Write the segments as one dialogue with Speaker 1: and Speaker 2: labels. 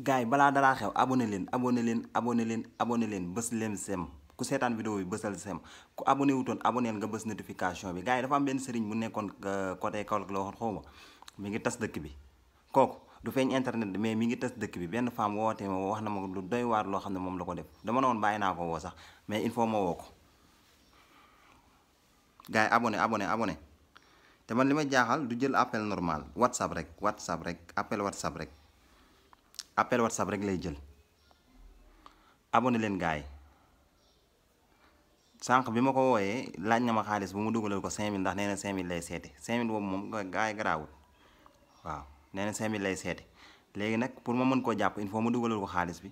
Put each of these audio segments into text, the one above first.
Speaker 1: gay balaa dara xew abonné len abonné len abonné len abonné len beus len sem ku sétane vidéo bi beusal sem ku abonné wutoon abonné nga beus notification bi gay dafa am ben serigne bu nekkon euh, côté Kaolack lo xon mi ngi tas dekk bi kok du feñ internet mais mi ngi tas dekk bi ben femme wootee ma wax na ma lu doy war lo xam mom lako def dama non bayina ko wo sax mais il faut ma abonné abonné abonné té man limay jaxal du jël appel normal whatsapp rek whatsapp rek appel whatsapp rek appel whatsapp rek lay jël abonné leen gaay yi sànq bi ma ko wooyee laaj na ma xaalis bu mu dugalal ko 5000 ndax nee na 5000 lay seeti 5000 boobu moom gars yi garaawul waaw nee na 5000 lay seete léegi nag pour ma mën koo jàpp il faut ma dugalal ko xaalis bi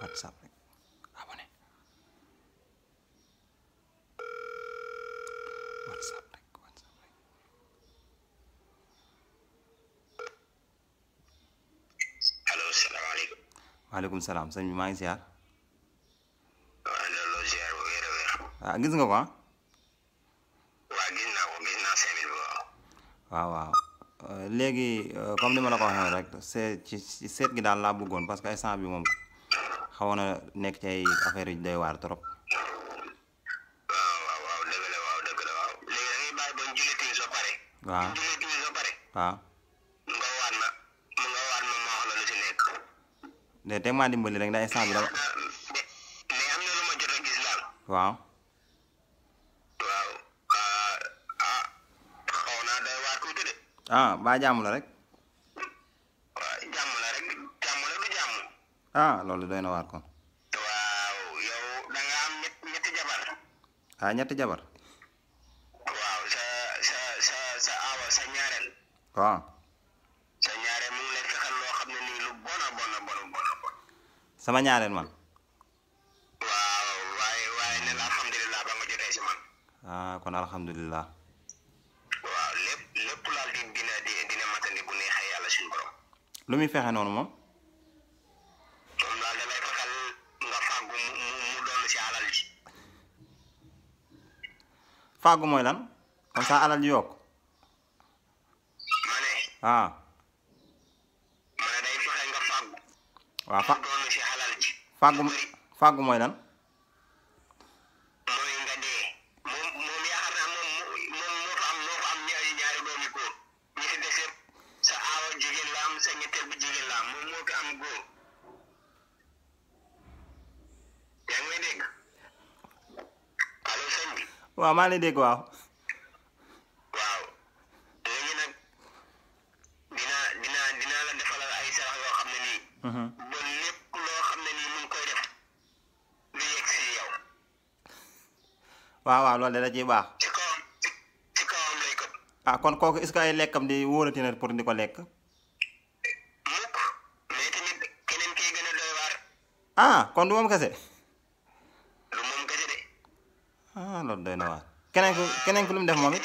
Speaker 1: whatsapp waaleykum salaam sëñ bi maa ngi ziar. waaw loolu ziar bu wér wér. ah gis nga ko ah. waaw waaw. Euh, léegi euh, comme ni ma la ko waxee rek seet gi daal laa bëggoon parce que instant bi moom xawoon na nekk ci ay affaire yu waar trop. waaw waaw waaw la waaw dëgg léegi da ngay bàyyi ba pare. waaw julli timis pare. waaw. de teg maa dimbali rek ndax instant bi dama. mais am na lu ma jot a gis daal. waaw. waaw ah, ah xaw naa day waar tuuti de. ah ba jàmm rek. waaw jàmm rek jàmm du jàmm. ah loolu doy na waar kon. waaw yow da am ñetti jabar. ah ñetti jabar. waaw sa sa sa sa sa ñaareel. waaw. sama ñaareel man. waaw waaye waaye ne la alhamdulilah ba nga jotee si man. Ah, kon alhamdulilah. waaw lépp lépp laal di dina dina matandi bu neexee yàlla suñu borom. lu muy fexe noonu moom. moom daal alal yokk. ma ne. ah. ma ne day fexe nga fàggu. waaw fàggu fàggu mooy lan. mooy nga dee moom moom yaakaar naa moom moom moo fa am moo fa am ñaari ñaari doomi góor ñi fi des yëpp sa aawa jigéen la am sa ñetteel bu jigéen la am moom moo fi am góor yaa ngi may dégg allo sëñ bi. waaw maa ngi lay dégg waaw. léegi nag dina dina dina la defalal ay sarax yoo xam ne nii. Mm-hmm. waaw lool loolu de da ciy baax. ah kon kooku est-ce lekkam di wóorati na pour di ko lekk. mukk mais tamit keneen kay gën ah kon du moom kese. du moom de. Ah, na waar keneen ku keneen ku lu mu def moom it.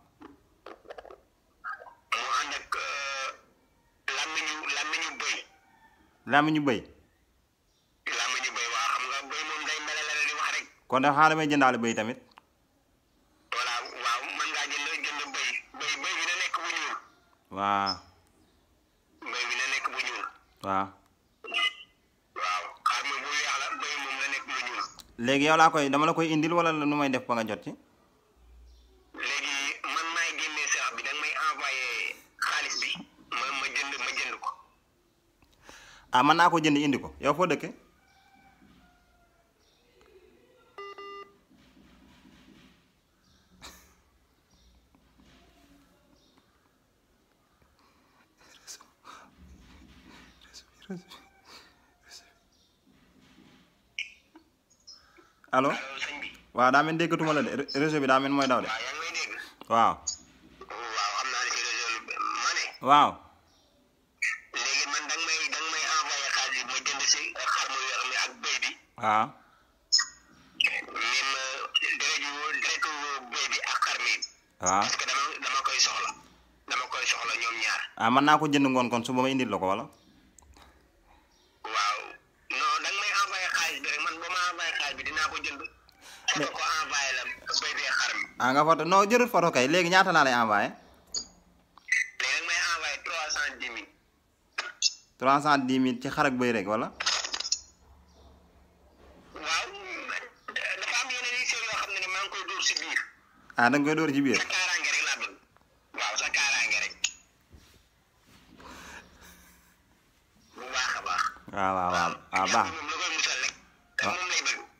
Speaker 1: làmmiñu bëy. làmmiñu bëy waa xam nga bëy moom day mbalala la di rek. kon dafa xaaral may jëndaale bëy tamit. voilà waaw mën ngaa jënd jënd bëy bëy bëy bi na nekk bu ñuul. waaw. waaw. waaw xam bu weex la bëy moom na nekk bu ñuul. léegi yow laa koy dama la koy indil wala nu may def ba jot ci. léegi man may jënd ma jënd ko. ah aku jadi ko jënd indi ko yow foo dëkke allo waaw daa mel déggatuma la de réseau bi daa mel daw de waaw. ni ma dërëju dërëju béy bi ak xar mi. waaw parce que dama koy soxla dama koy soxla ñoom ñaar. ah mën naa ko jënd ngoon kon su ma indil la ko wala. waaw non da may envoyé xaalis bi rek man ba ma envoyé xaalis bi dinaa ko jënd. mais ko la béy bi xar mi. ah nga foto non jërëjëf foto léegi ñaata laa lay envoyé. léegi may envoyé trois cent dix mille. trois cent dix mille ci xar ak rek wala. ah nga door ci biir. waaw waaw waaw ah, waaw baax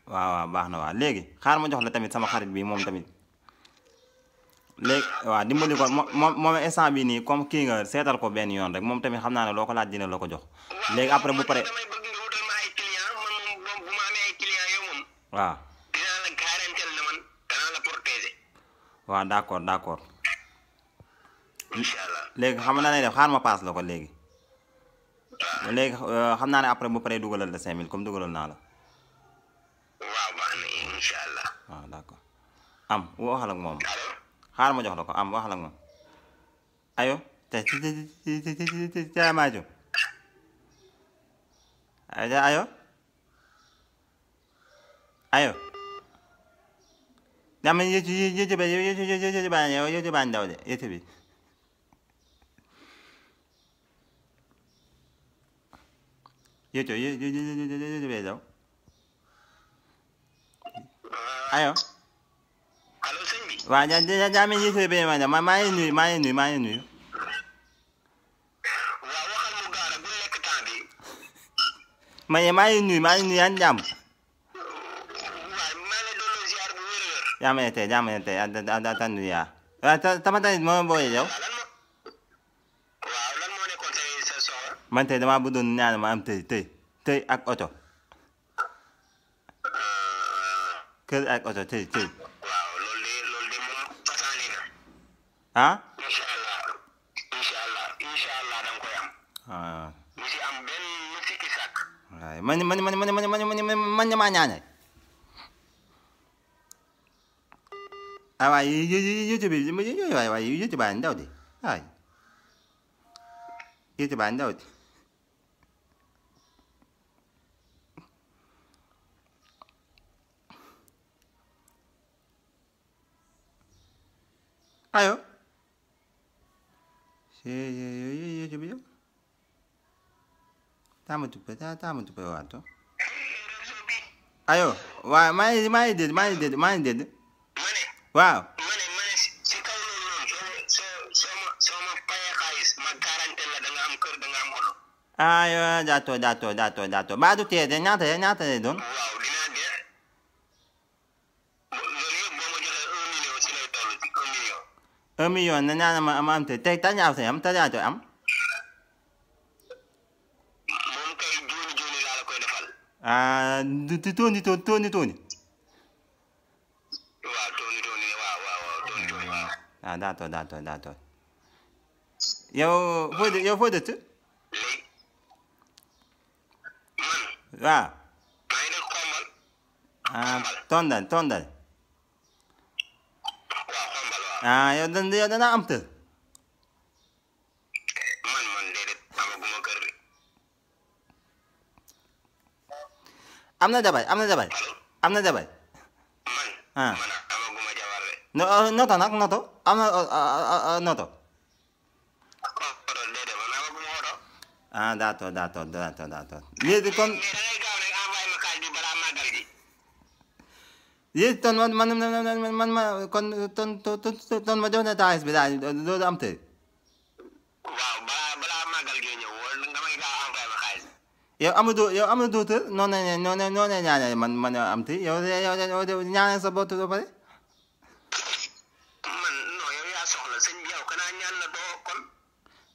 Speaker 1: waaw waaw baax na waaw léegi xaar ma jox la tamit sama xarit bi moom tamit léegi waaw dimbali ko moom moom instant bi nii comme kii nga seetal ko benn yoon rek moom tamit xam naa ne loo ko laaj dina la ko jox léegi après bu pare waaw waaw d' accord d' accord. incha allah léegi xam naa ne xaar ma paas la ko léegi. léegi xam naa ne après bu paree dugalal la 5000 comme dugalal naa la. waaw baax na incha allah. waaw d' accord am waxal ak moom. xaar ma jox la ko am waxal ak moom. ayo te te te te te te te Ama yeti ben yeti yeti ben ya ben de öyle yeti bir. Yeti yeti ben de. Alo. Alo sen ya ya ya ben yeti ben ben de. Ma ma yeni ma yeni ma yeni. Ma yakal mugara gül lektan やめてやめてあだだだだぬやあたたまたにもぼいよ man te dama budun ñaan ma am tey tey tey ak oto kër ak oto tey tey ah Ah. Mani mani mani mani mani mani mani mani mani mani mani 아와 유튜브 뭐 유튜브 아와 유튜브 안 나오지 아 유튜브 안 나오지 아요 예예예예 유튜브요 다음은 두배 다음은 두배 와도 아요 와 많이 많이 됐 많이 됐 많이 됐 waaw. ma ne ma ne si kaw loolu noonu ma soo ma payee xaalis kër da nga am oto. aywa ah, jaato jaato jaato jaato maa du de doon. waaw dinaa de loolu yëpp boo ma joxee un million si lay toll si te am tañ aw moom kay jooni jooni laa la koy defal. ah du tuuni tuuni Ah, d'accord, d'accord, d'accord. Yow foo yow foo dëkk. Ah. Ah, waaw. ah Tondal Tondal. ah yow da yow danaa am kër. am na jabar am na jabar am na jabar ah. No, uh, another, another. I'm not, ah d'accord d'accord d'accord d'accord. ton man man man man ma kon ton ton ton ma jox na taxis bi daal loolu am tey. waaw balaa balaa màggal gi ñëw wala nga may gaaw envoyé ma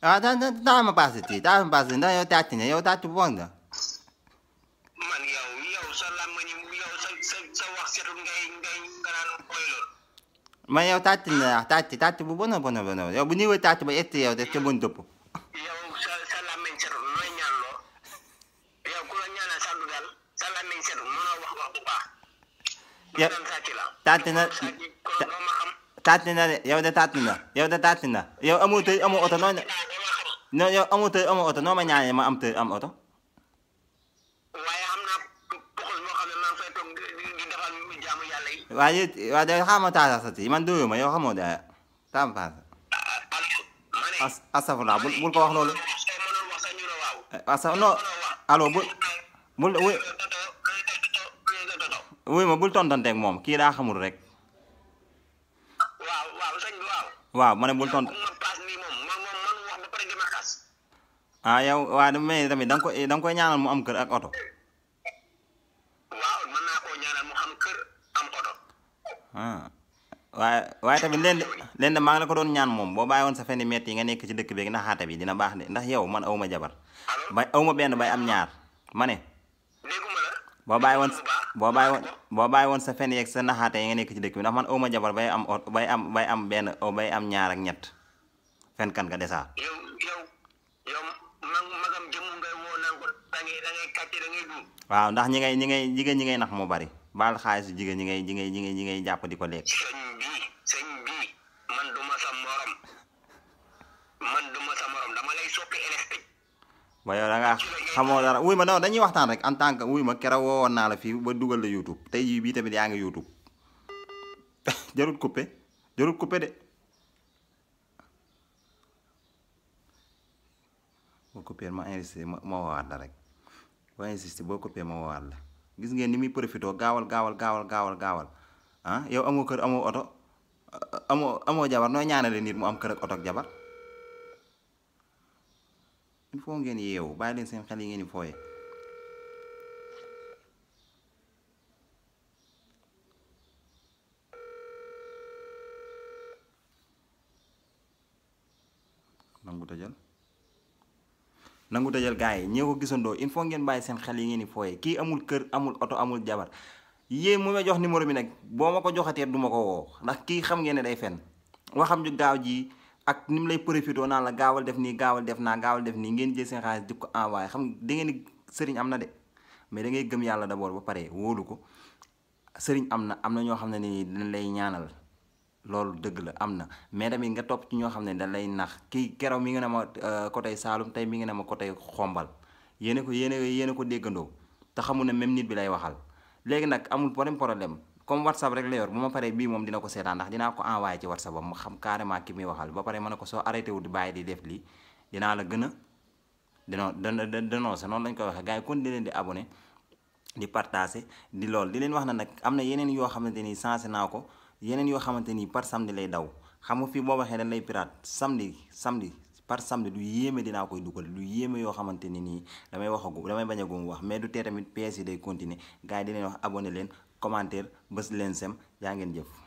Speaker 1: ah 나, 나, 나만 봤었지. 나만 봤었는데, 여기 다치네. 여기 다치 본다. ma yow tàtt na tàtt tàtt bu bon a bon a bon yow bu ñëwee tàtt ba ett yow def ca bon dëpp. yow sa sa làmmiñ eu nooy ñaan loo yow ku la ñaanal sa dugal sa làmmiñ setul mënoo wax wax bu baax. yow tàtt na tàtt na yow de tàtt na yow de tàtt na yow amoo tëj amoo oto noonu. non yow amoo tey amoo oto noo ma ñaanee ma am tey am oto. waaye xam naa poxol moo xam ne maa ngi fay toog di defal jaamu yàlla yi. waaye waaye day xaaral ma taasa sa ci man dóoru ma yow xamoo dara taam paasa. Ah, ah, as astafurlah bul bul ko wax loolu. asa non eh, allo bul bul wuy wuy ma bul tontanteeg moom kii daa xamul rek. waaw waaw sëñ bi waaw. waaw ma ne bul tont. ah yow waaye dama tamit da nga koy da nga koy ñaanal mu am kër ak oto. waaw mën naa ah. la ko doon ñaan moom boo bàyyi woon sa fenn metti nga nekk ci dëkk beeg naxaate bi dina baax de ndax yow man awma jabar. bay awma benn bay am ñaar ma ne. boo bàyyi woon boo bàyyi woon sa fen yeeg sa naxaate yi nga nekk ci dëkk bi ndax man awma jabar bay am oto bay am bay am benn bay am ñaar ñett fen kan nga desaa. waaw ndax ñi ngay ñi ngay jigéen ñi ngay nax moo bari baal xaalis jigéen ñi ngay ñi ñi ngay ñi ngay jàpp di ko lekk. sëñ bi sëñ bi man du ma sa morom man du sa morom dama lay soppi électrique. waaye yow da ngaa xamoo dara wuy ma non dañuy waxtaan rek en tant que wuy ma keroog woowoon naa la fii ba dugal la YouTube tey jii bii tamit yaa ngi YouTube jarut coupé jarut coupé de. copier ma insisté ma woowaat la rek boo insisté boo copier ma woowaat la gis ngeen ni muy profité gaawal gaawal gaawal gaawal gaawal ah yow amoo kër amoo oto amoo amoo jabar nooy ñaanale nit mu am kër ak oto jabar il faut ngeen yeewu bàyyi leen seen ngeen di fooye nangu dajal gars yi ñee ko gisandoo il faut ngeen bàyyi seen xel yi ngeen di fooyee kii amul kër amul oto amul jabar yéen mu ma jox numéro bi nag boo ma ko joxatee du ma ko woo ndax kii xam ngeen ne day fenn xam ju gaaw ji ak ni mu lay profité naan la gaawal def nii gaawal def naa gaawal def nii ngeen jël seen xaalis di ko envoyé xam da ngeen ni sëriñ am na de mais da ngay gëm yàlla d'abord ba pare wóolu ko sëriñ am na am na ñoo xam ne ni dañ lay ñaanal loolu dëgg la am na mais tamit nga topp ci ñoo xam ne dañ lay nax kii keroog mi ngi ne ma euh, côté Saalum tey mi ngi ne ma côté Xombal yéen ko yéen yéen ko déggandoo te xamu na même nit bi lay waxal léegi nag amul problème problème comme whatsapp rek la yor bu ma paree bii moom dina ko seetaan ndax dinaa ko envoyé ci whatsapp am ma xam carrément ki muy waxal ba pare ma ne ko soo arrêté wu di bàyyi di def lii dinaa la gën a dino dana dénoncé noonu lañ koy waxee gars kon di leen di abonné di partagé di loolu di leen wax na nag am na yeneen yoo xamante ni sensé naa ko yeneen yoo xamante ni par samedi lay daw xam nga fii boo waxee dañ lay pirate samedi samedi par samedi lu yéeme dinaa koy dugal lu yéeme yoo xamante ni nii damay waxagu damay bañ a gum wax mais du tee tamit PS yi day continuer gars yi di wax abonné leen commentaire bës leen sem yaa ngeen jëf.